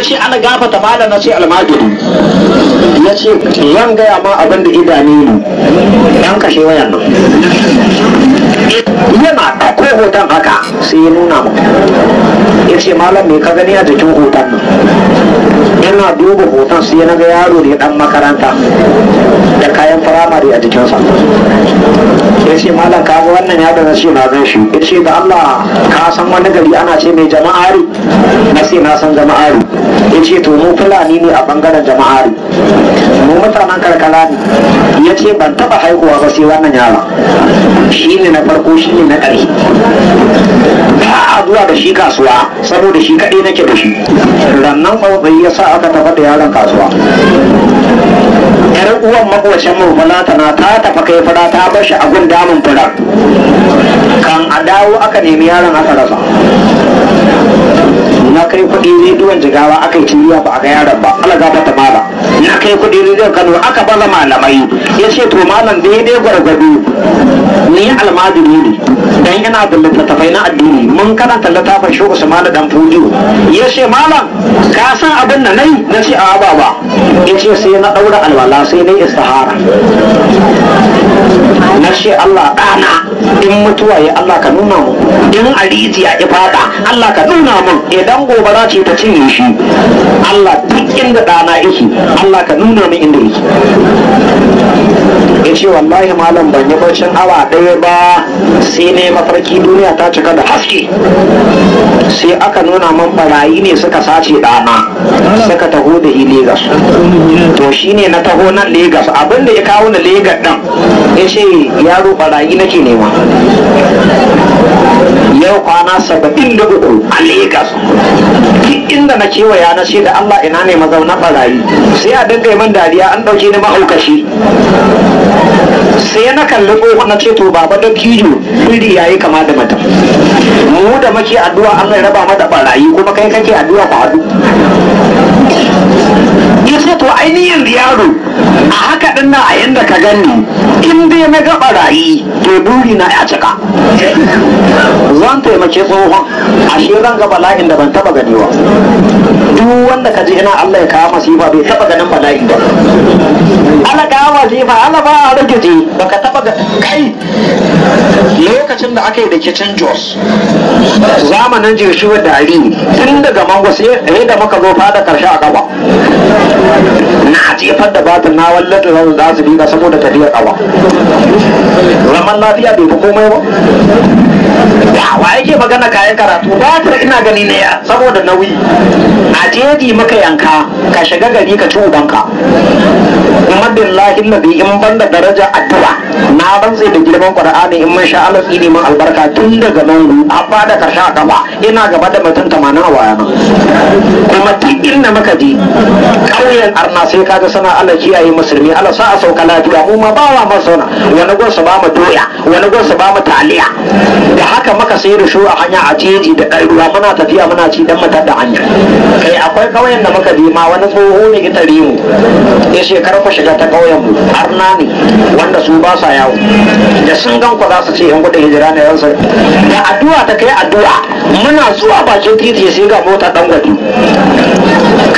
yace ce ana gafata malam na ce almajiri ya ce zan gaya ma abin da idane ne ɗan kashe wayan nan yana ɗauko hoton haka sai ya nuna mu ya ce malam me ka gani a jikin hoton nan yana duba hoton sai na ga yaro ne dan makaranta da kayan firamare a jikinsa ya ce malam ka ga wannan yaro na ce na zan shi ya ce da Allah ka san wani gari ana ce mai jama'ari na ce na san jama'ari ya ce to mu fulani ne a bangaren jama'ari mu mutanen karkara ne ya ce ban taba haihuwa ba sai wannan yara shi ne na farko shi ne na ƙarshe ba a zuwa da shi kasuwa saboda shi kaɗai nake da shi rannan tsautsayi ya sa aka tafa da yaron kasuwa yar uwan makwacin mu fulata na ta tafa kai fara ta bar shi a gun damun fara kan a dawo aka nemi yaron aka rasa na kai kuɗi duwan jigawa aka yi tiriya ba a ga yaron ba alaga ta mala ya kai kuɗi zai kano aka baza malamai ya ce to malam daidai gwargwado ni almajiri ne dan ina da littattafai na addini mun karanta littafin shi usman dan fujiyo ya ce malam ka san abin da nayi na ce a ba ya ce sai na ɗaura alwala sai na istihara na ce allah ɗana in mutuwa ya Allah ka nuna mu in a rijiya ya fada Allah ka nuna mu idan gobara ce ta cinye shi Allah duk inda ɗana yake Allah ka nuna min inda yake ya ce wallahi malam ban yi barcin awa ɗaya ba sai ne mafarki duniya ta cika da haske sai aka nuna man barayi ne suka sace ɗana suka taho da yi legas to shine na taho nan legas abinda ya kawo na legas ɗan. ya ce yaro barayi nake nema yau kwana saba'in da uku a Legas ki inda na kewaya na ce da Allah ina ne mazauna barayi sai a dinga min dariya an dauke ni ma'aukashi. sai na kalli tsohon na ce to baba don kijo ya yi kama da mata mu da muke addu'a Allah ya raba mata barayi kuma kai kake addu'a ka haɗu yasa to ainihin yaro a haka din na a yanda ka gani in dai na ga barayi to buri na ya cika zan taimake tsohon ashe zan ga bala'in da ban taba gani ba duk wanda ka ji ina Allah ya kawo masifa bai taba ganin bala'in ba ala kawo masifa ala ba a rikici baka taba ga kai lokacin da aka yi da kicin Jos zamanin jirshi da Ari tun daga Mangwasi sai da muka zo fada karshe a gaba na jefar da batir na wallata zan za su diga saboda tafiya kawa zaman lafiya bai fi komai ba wa yake magana kayan karatu Ba ta ina gani ne saboda nauyi a jeji maka yanka ka shiga gari ka ci ubanka kuma billahi nabi in ban da daraja addu'a na rantse da girman qur'ani in man sha Allah tsini albarka tun daga nan a da karshe a gaba ina gaba da mutum tamanin a wayana kuma duk inda muka je ƙauyen arna sai ga sana Allah kiyaye musulmi Allah sa a sauka lafiya mu ma ba wa masauna wani gonsu ba mu doya wani gonsu ba mu taliya da haka aka sai da shu a hanya a jeji da ɗan muna tafiya muna ci dan matar da hanya kai eh, akwai ƙauyen da muka je ma wani tsoho ne ita mu ya shekara ku shiga ta ƙauyen mu arna ne wanda su ba sa yawo da sun gan ku za su ce yan gudun hijira ne yansu da addu'a ta kai addu'a muna zuwa bakin titi sai ga mota ɗan gwadi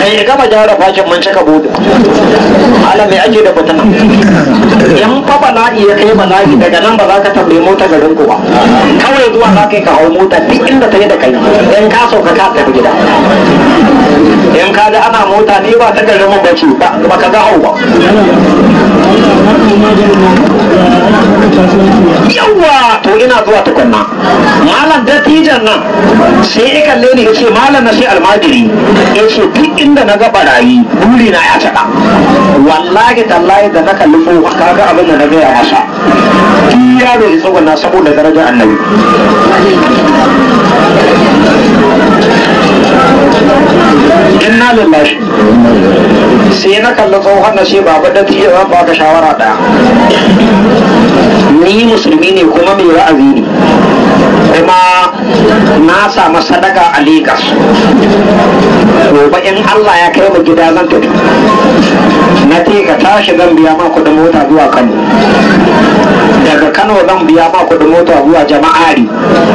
kai ya gama gyara fashin mun cika bude ala mai ake da fitina Yan fa bala'i ya kai bala'i daga nan ba za ka tambayi mota garin ku ba kawai zuwa za ka yi ka hau mota duk inda ta yi da kai in ka sauka ka tafi gida in ka ana mota ni ba ta garin mu bace ba ka ga hau ba yawa to ina zuwa tukunna malam dattijan nan sai ya kalle ni ya ce malam na sai almajiri ya ce duk inda na ga barayi buri na ya taɗa wallahi tallahi da na kalli ko kaga abin da na gaya masa duk yaro ya tsogana saboda darajar annabi inna lillahi sai na kalli tsohon na shi baba da fiye ba baka shawara ɗaya ni musulmi ne kuma mai ra'azi ne kuma na samu sadaka a Legas gobe in Allah ya kai mu gida zan tafi na ka tashi zan biya ma kuɗin mota zuwa Kano zan biya ma kudin mota zuwa jama'ari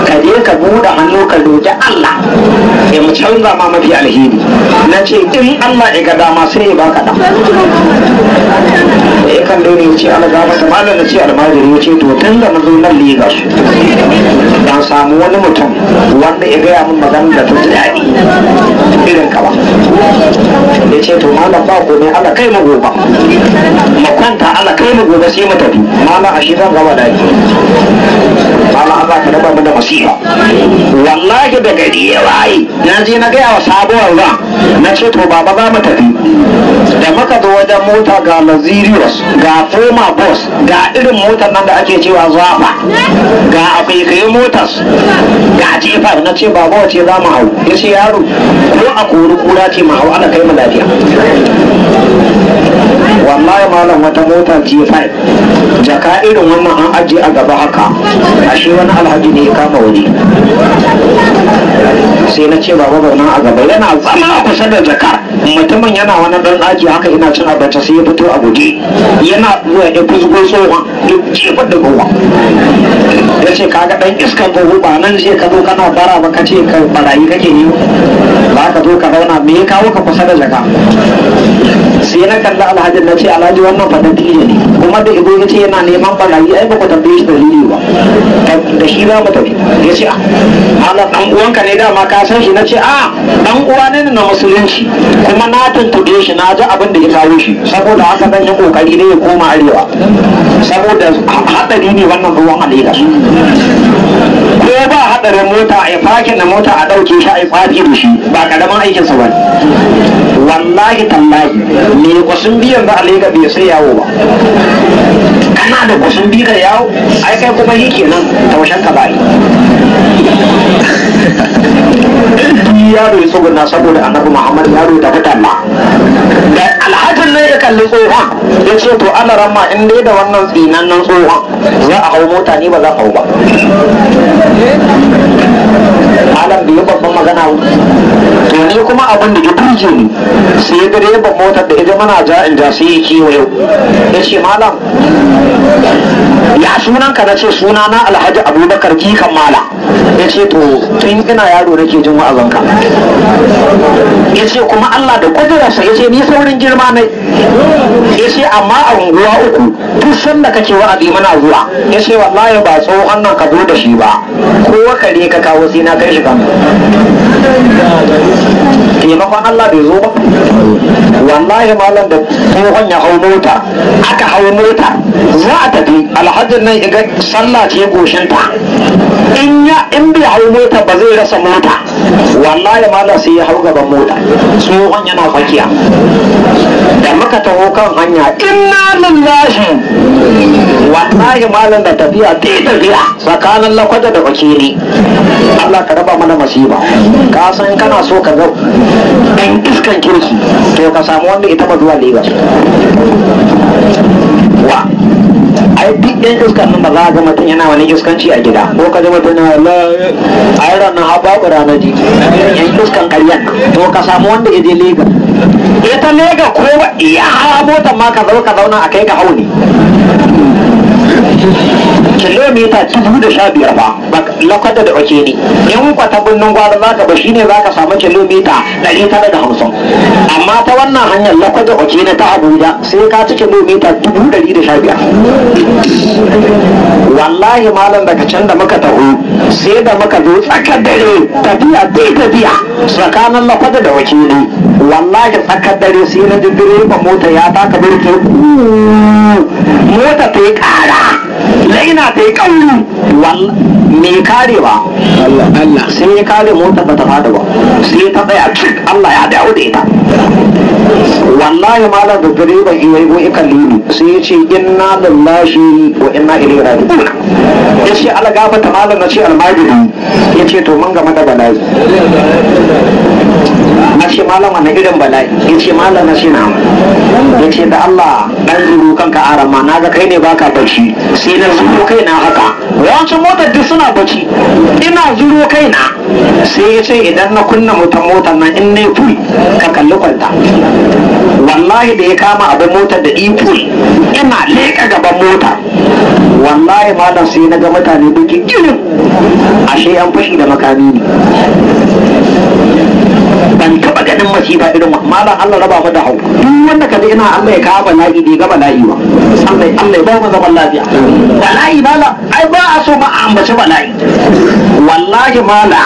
ka je ka buɗe hannu ka roƙi Allah ya eh, mu canza ma mafi alheri na ce in Allah ya ga dama sai ya baka da ya kan dole ya ce Allah gama malam na ce almajiri ya ce to tun da na zo nan Lagos dan samu wani mutum wanda ya gaya min magana da ta daɗi irin ka ba ya ce to malam ba komai Allah kai mu gobe mu kwanta Allah kai mu gobe sai mu tafi malam ashe zan gaba da amma mu da masifa wallahi da gari ya waye na je na gaya wa sabuwar ba na ce to baba za mu tafi da muka zo wajen mota ga Lazirius ga Foma Bus ga irin motar nan da ake cewa zafa ga akwaikai motas ga jefa na ce baba wace za mu hau ya ce yaro ko a kori kura ce mu hau ana kai mu lafiya wallahi malam wata mota G5 jaka irin wannan an aje a gaba haka ashe wani alhaji ne ya kama wani sai na ce baba barna a gaba yana zama kusa da jakar mutumin yana wani dan daji haka ina cin abinci sai ya fito a guje yana zuwa ya kusgo tsohon duk jefa da gowa ya ce kaga dan iska ko ba nan zai ka zo kana bara ba ka ce ka barayi kake yi ba ka zo ka zauna me ya kawo ka kusa da jaka sai na kalla alhaji na ce alhaji wannan fa dattijo ne kuma da ido yace yana neman barayi ai ba ku tambaye shi dalili ba da shi za mu tafi ya ce ah malam dan uwanka ne dama ka san shi na ce a ah, dan uwa ne na musulunci kuma na tuntuɗe shi na ji abin da ya kawo shi saboda haka zan yi kokari ne ya koma arewa saboda haɗari ne wannan ruwan a Legas ko ba haɗarin mota a fakin da mota a ɗauke shi a yi fafi da shi ba ƙaramin aikinsa ba wallahi tallahi me kwasun biyan ba a bai sai yawo ba kana da kwasun biyan yawo ai kai kuma yake kenan taushen ka bai duk yaro ya tsoguna saboda annabi muhammad yaro tafi talla da alhajin ne ya kalli tsohon ya ce to ana ramma in dai da wannan tsinannen tsohon za a hau mota ne ba za a hau ba malam da ya babban magana to ni kuma abin da ya burge ni sai direban motar da idan mana ja in ja sai ya yau. ya ce malam ya sunan ka na ce suna na alhaji abubakar kikan mala ya ce to tun ina yaro nake jin wa'azanka ya ce kuma allah da kudurarsa ya ce ni saurin girma ne amma a unguwa uku duk sanda kake wa'azi mana zuwa ya ce wallahi ba tsohon nan ka zo da shi ba ko ne ka kawo sai na kai shi kan taimakon Allah bai zo ba wallahi malam da tsohon ya hau mota aka hau mota za a tafi alhajin nan iga sallah ce goshinta in ya in bai hau mota ba zai rasa mota wallahi malam sai ya hau gaban mota tsohon yana fakiya da muka taho kan hanya inna lillahi wallahi malam da tafiya ta yi tafiya tsakanin lakwata da bakiri Allah ka raba mana masiba ka san kana so ka zau ɗan iskan kirki to ka samu wanda ita ba zuwa Lagos wa ai duk ɗan iskan nan ba za a ga mutum yana wani iskanci a gida ko ka zama tana a yi ranar haɓaɓu ranar jiki yan iskan karyan to ka samu wanda ya je lega ita lega ko ya haramo ta ma ka zau ka zauna a kai ka hauni kilomita dubu da sha biyar ba lakwata da ɓace ne in kwata birnin gwada za ka ba shine za ka samu kilomita ɗari tara da hamsin amma ta wannan hanyar lakwata ɓace ne ta abuja sai ka ci kilomita dubu ɗari da sha biyar wallahi malam daga can da muka taho sai da muka zo tsakar dare tafiya bai tafiya tsakanin lafada da wakili wallahi tsakar dare sai na jirgin mota ya taka birkin mota ta yi kara laina ta yi ƙauru me kare ba sai ya kare mota ba ta fada ba sai ta tsaya cik Allah ya dawo da ita wallahi malam da direban in yi ko ikalli ne sai ya ce inna lillahi wa inna ilaihi raji'un ya ce ba ta malam na ce almajiri ya ce to mun gama da bala'i na ce malam wani irin bala'i ya ce malam na ce na ya ce da Allah dan zuru kanka arama na ga kai ne baka bacci sai na zuro kaina haka yawancin motar duk suna bacci ina zuro kaina sai ya ce idan na kunna motar motar na in na ful ka kalli kwanta. wallahi da ya kama abin motar da iful ina leƙa gaban mota wallahi malam sai na ga mutane duk irin ashe an fashi da makami ne ban taba ganin masifa irin wa? malam Allah raba mu da hau duk wanda ka ina Allah ya kawo bala'i bai ga bala'i ba Allah Allah ya ba mu zaman lafiya bala'i mala ai ba a so ma a ambaci bala'i wallahi mala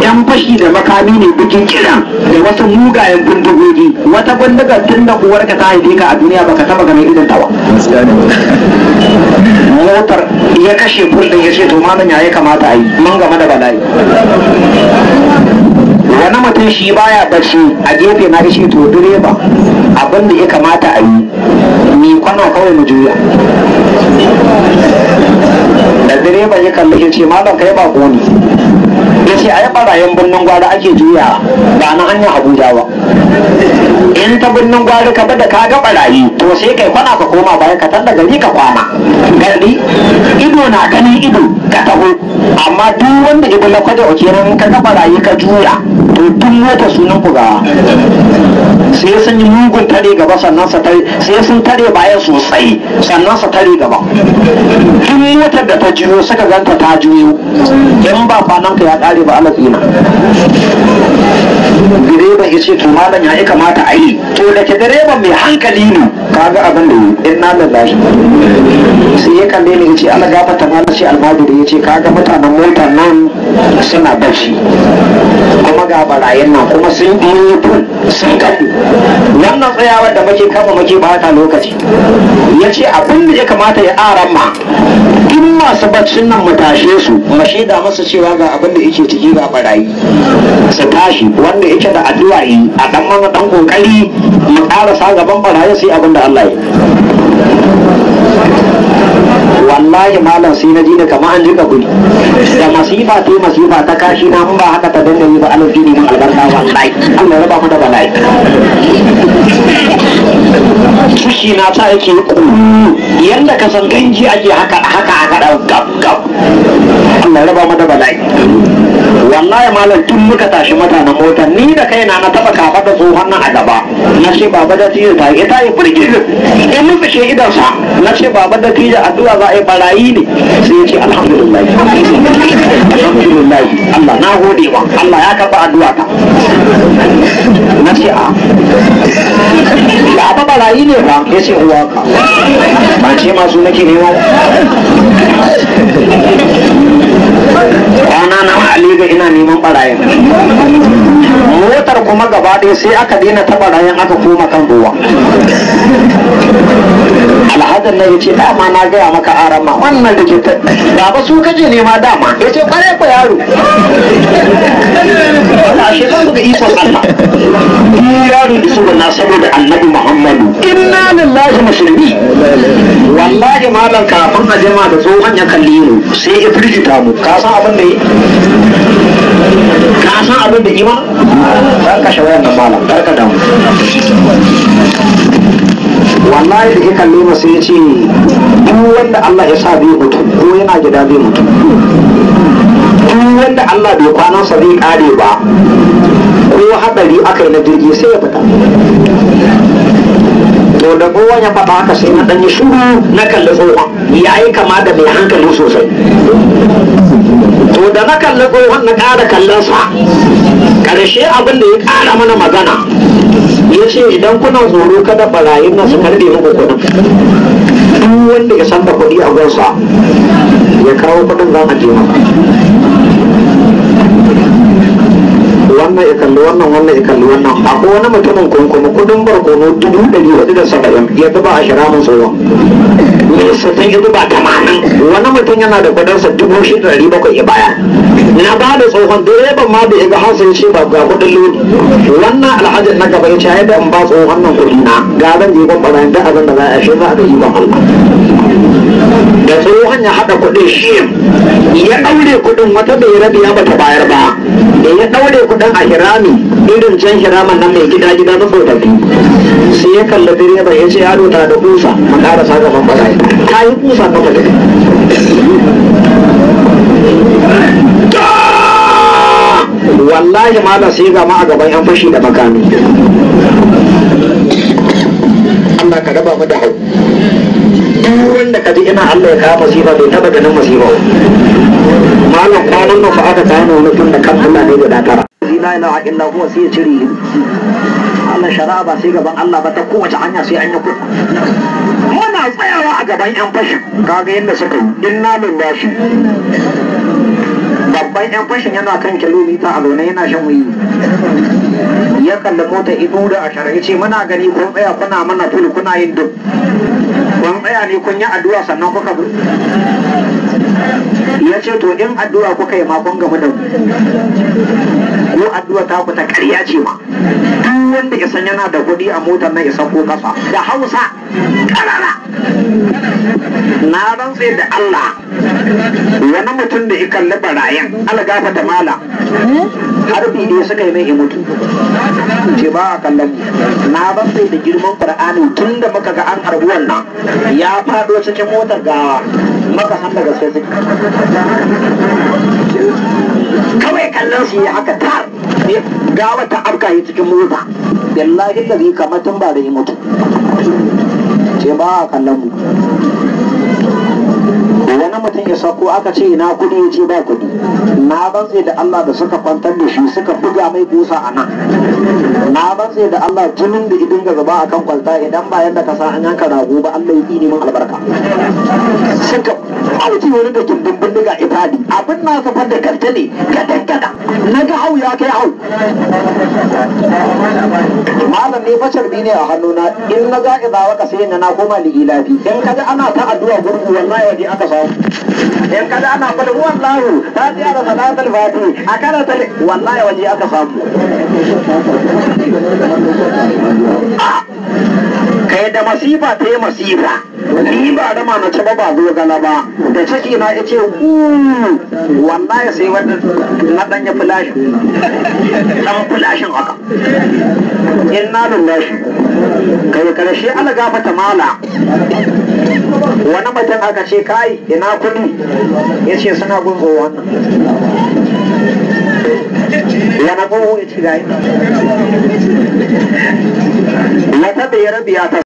yan fashi da makami ne bikin kiran da wasu mugayen bindigogi wata bindigar tun da uwar ka ta haife ka a duniya baka taba ganin irin ta ba motar ya kashe burdin ya ce to malam ya kamata a yi mun game da bala'i wani mutum shi baya bacci a gefe na shi to direba abin da ya kamata a yi ni kwana kawai mu juya da direban ya kalli ya ce malam kai ba ne ya ce a yi ɓarayen birnin gwari ake juya ba na hanyar abuja ba in ta birnin gwari ka bada ka ga ɓarayi to sai kai kwana ka koma bayan ka tanda gari ka kwana gari ido na ganin ido ka taho amma duk wanda ibi na kwaje nan ka ga ɓarayi ka juya to duk wata sunan bugawa sai sun yi mugun tare gaba sannan sa tare sai sun tare baya sosai sannan sa tare gaba duk motar da ta juyo suka ganta ta juyo in ba kwanan ka ya kare ana tsina direban ya ce to malam ya yi kamata a yi to da ke direban mai hankali ne kaga abin da yi in na lalashi ya kalle ni ya ce Allah gafarta ma ce da ya ce kaga mutanen mota nan suna bashi kuma ga barayin nan kuma sun yi ful sun kaɗe wannan tsayawar da muke kama muke bata lokaci ya ce abin da ya kamata ya aran ma in masu baccin nan mu tashe su mu shaida masa cewa ga abin da yake ciki ga barayi su tashi wanda yake da addu'a yi a dan mana dan kokari mu karasa gaban barayi sai abin da Allah ya wallahi malam sai na ji da kamar an ji ka guri da masifa ta masifa ta kashi na ba haka ta danna ni ba alaji ne mun albarka wallahi Allah ya raba mu da bala'i ciki na ta yake kuru yadda ka san ganji ake haka haka haka da gab gab Allah raba mu da bala'i wallahi malam tun muka tashi mata na mota ni da kai na taba kafa da tsohon nan a gaba na ce baba da tije ta ita yi furgi in mun fice idan sa na ce baba da tije addu'a za a yi barayi ne sai ya ce alhamdulillah alhamdulillah Allah na gode wa Allah ya karba addu'a ta na ce a ba barayi ne ne ba ya ce uwa ka ba ce masu nake nema nan a ina neman barayin motar kuma gaba ɗaya sai aka daina ta barayin aka koma kan ruwa alhadar na yace dama na gaya maka arama wannan da ke baba su kaje nema dama yace kware ku yaro Allah shi ba ga ikon Allah ni yaro da sunan na saboda annabi Muhammadu inna lillahi musulmi wallahi malam kafin a jima da tsohon ya kalli mu sai ya firgita mu ka san abin da ka san abin da ima ka kar ka damu wallahi da ya kalle masa ya ce duk wanda Allah ya sa bai mutu ko yana gida bai mutu duk wanda Allah bai sa bai kare ba ko haɗari aka yi na jirgi sai ya fita to da ko ya faɗa haka sai na dan yi shuru na kalli tsoho ya yi kama da mai hankali sosai to da na kalli tsohon na ƙara kallon sa ƙarshe abin da ya ƙara mana magana ya ce idan kuna tsoro kada barayin nasu su karbe muku kuɗin duk wanda ya san da kuɗi a gonsa ya kawo kuɗin za a je wannan ya kalli wannan wannan ya kalli wannan akwai wani mutumin kunkuma kudin barkono dubu ɗari hudu da saba'in ya zuba a shiramin tsoron mai sun yi zuba tamanin wani mutum yana da kudinsa dubu shida ɗari bakwai ya baya na ba da tsohon direban ma da ya ga hasin shi ba ga kudin lodi wannan alhajin na gaba ya ce yadda in ba tsohon nan kudi na ga zan je ban barayin da abin da za a shi za a ga yi ban Allah da tsohon ya haɗa kudin shi ya ɗaure kuɗin wata bai rabi ya bata bayar ba da ya ɗaure kuɗin a hirami irin can hiraman nan mai gida gida na tsofaffi sai ya kalla bai ya ce yaro ta da kusa a ƙara sa gaban barayi ta yi kusa ta mutum wallahi ma da sai gama a gaban yan fashi da makami Allah ka raba mu da hau duk wanda ka ji ina Allah ya kawo masifa bai taba ganin masifa malam kwanan nan fa aka gane wani tun da kafin ne guda tara ina ina a illa kuma sai ya cire Allah shari'a ba sai gaban Allah ba ta kowace hanya sai an yi kuɗi. Muna tsayawa a gaban ƴan fashin kaga yadda suka yi in na bashi. Babban 'yan fashin yana kan kilomita a zaune yana shan wuyi. Ya kalli mota ido da ashirin shari'a ce muna gani kun tsaya kuna mana tulu kuna yin duk. Kun tsaya ne kun yi addu'a sannan kuka ya ce to in addu'a kuka yi makon game da ko addu'a ta ku ta karya ce ma duk wanda ya san yana da kuɗi a motar na isa ko kasa da hausa karara na rantse da Allah wani mutum da ya kalli barayan algafa ta mala harbi ne suka yi mai mutu ce ba a kallon na bantsai da girman ƙur'ani tun da muka ga an harbi wannan ya fado cikin motar gawa maka san daga sai kawai kallon shi haka tar gawa ta abka yi cikin mota billahi da kamar tun ba da yi ce ba a kallon mu na mutum ya sako aka ce ina kuɗi ya ce ba kuɗi. na rantse da Allah da suka kwantar da shi suka buga mai kusa a nan na rantse da Allah jinin da idin ga a kan kwalta idan ba yadda ka san an yanka rago ba Allah ya yi neman albarka suka auki wani da gindin bindiga itali abin na safar da kanta ne gadan gada na ga hau ya kai hau malam ne facar ne a hannuna in na za'i zawa ka sai na koma li'ilafi in kaji ana ta addu'a gurgu wallahi ji aka samu in kada ana kul huwa Allahu fatiha da salatul fati a karanta wallahi waje aka samu ah! kai da masifa ta yi masifa ni ba rama na ci ba ba dogala ba da ciki na ya ce wallahi sai wanda na dan ya filashin dan filashin haka in na lullashi kai karshe ala ta mala wani mutum aka ce kai ina kudi ya ce suna gun tsohon yana gun ya ci gayi wata da ya ya ta